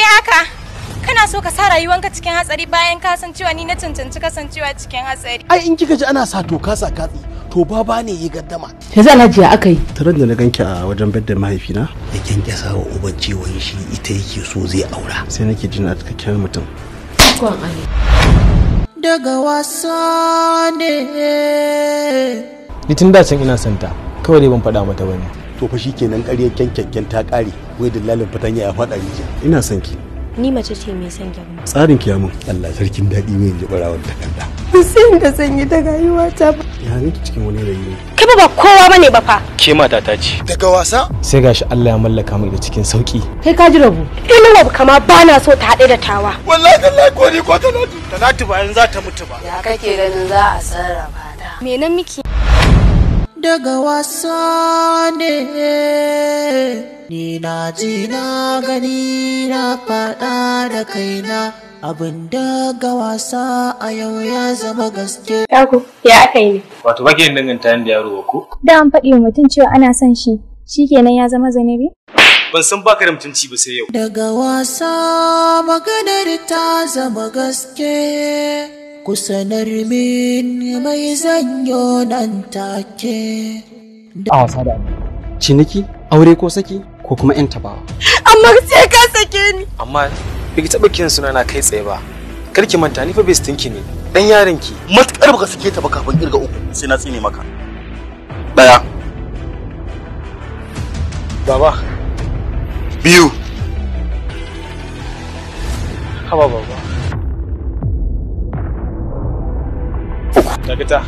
kai haka kana so ka sa rayuwanka cikin hatsari bayan ka san cewa ni na cancanci kasancewa cikin hatsari ai in kika ji ana sa ka sa katsi to baba ne ya gaddama ya za lajiya aka yi da na ganki a wajen bedda mahaifina ya kyankyasa wa uban ciwon shi ita yake so zai aura sai nake jin a cikakken mutum daga wasa ne ni tun da can ina santa kawai dai ban faɗa mata bane to fa shikenan ƙaryar kyankyakken ta ƙare wai dillalin fitan ya faɗa rijiya ina son ki ni mace ce mai son gyara tsarin ki mun Allah sarkin daɗi wai da kanta ba sai da zan yi daga rayuwa ta ba ya ki cikin wani rayi ne kai ba kowa bane ba fa ke mata ta ce daga wasa sai gashi Allah ya mallaka mu da cikin sauki kai ka ji rabu inuwa kama na so ta haɗe da tawa wallahi tallahi ko ni ko talatu talatu ba in za ta mutu ba ya kake ganin za a sarrafa ta menen miki daga wasa ne ni na ji na gani na faɗa da kaina abin daga wasa a yau ya zama gaske. Yaku, ya aka yi ne? Wato baki yin danganta da yaro ko? Da an faɗi wa mutum cewa ana son shi, shi kenan ya zama bi? Ban san baka da mutunci ba sai yau. Daga wasa maganar ta zama gaske. ku sanar min mai zanyo nan take a wasa da ciniki aure ko saki ko kuma yan tabawa amma sai ka sake ni amma bai taɓa kiran na kai tsaye ba kar ki manta ni fa bai stinki ne dan yaron ki matukar baka sake ta ba kafin kirga uku sai na tsine maka daya baba biyu haba baba 来，给咱。